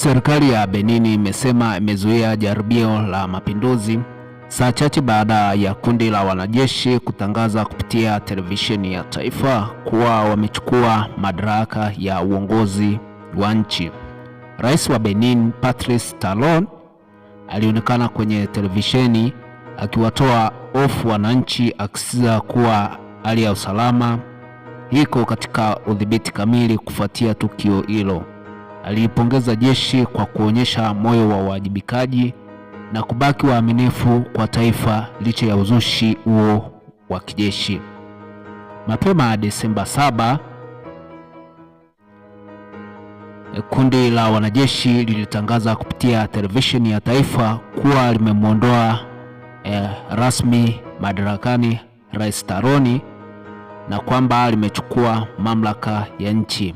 Serikali ya benin imesema imezuia jaribio la mapinduzi saa chache baada ya kundi la wanajeshi kutangaza kupitia televisheni ya taifa kuwa wamechukua madaraka ya uongozi wa nchi. Rais wa Benin, Patrice Talon, alionekana kwenye televisheni akiwatoa hofu wananchi, akisisitiza kuwa hali ya usalama iko katika udhibiti kamili kufuatia tukio hilo aliipongeza jeshi kwa kuonyesha moyo wa uwajibikaji na kubaki waaminifu kwa taifa licha ya uzushi huo wa kijeshi. Mapema Desemba saba kundi la wanajeshi lilitangaza kupitia televisheni ya taifa kuwa limemwondoa eh, rasmi madarakani Rais Taroni na kwamba limechukua mamlaka ya nchi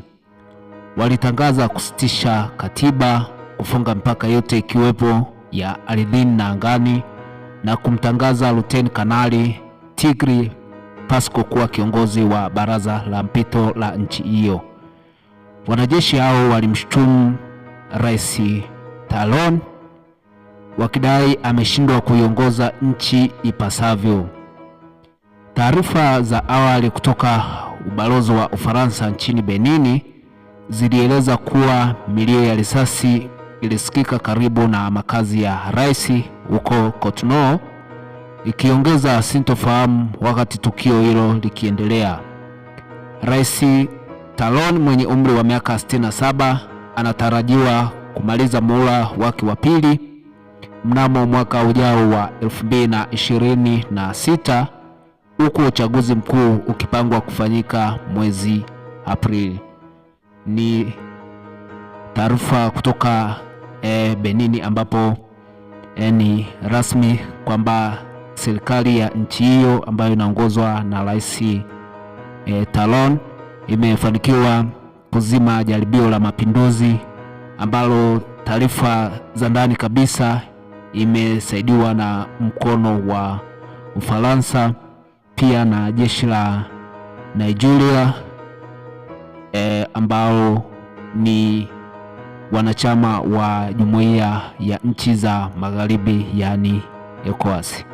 walitangaza kusitisha katiba, kufunga mipaka yote ikiwepo ya ardhini na angani, na kumtangaza Luteni Kanali Tigri Pasco kuwa kiongozi wa baraza la mpito la nchi hiyo. Wanajeshi hao walimshutumu Rais Talon wakidai ameshindwa kuiongoza nchi ipasavyo. Taarifa za awali kutoka ubalozi wa Ufaransa nchini Benini zilieleza kuwa milio ya risasi ilisikika karibu na makazi ya rais huko Kotonou, ikiongeza sintofahamu wakati tukio hilo likiendelea. Rais Talon mwenye umri wa miaka 67 anatarajiwa kumaliza muhula wake wa pili mnamo mwaka ujao wa 2026 huku uchaguzi mkuu ukipangwa kufanyika mwezi Aprili. Ni taarifa kutoka e, Benini ambapo e, ni rasmi kwamba serikali ya nchi hiyo ambayo inaongozwa na Rais e, Talon imefanikiwa kuzima jaribio la mapinduzi ambalo taarifa za ndani kabisa imesaidiwa na mkono wa Ufaransa pia na jeshi la Nigeria eh, ambao ni wanachama wa jumuiya ya nchi za magharibi yaani ECOWAS.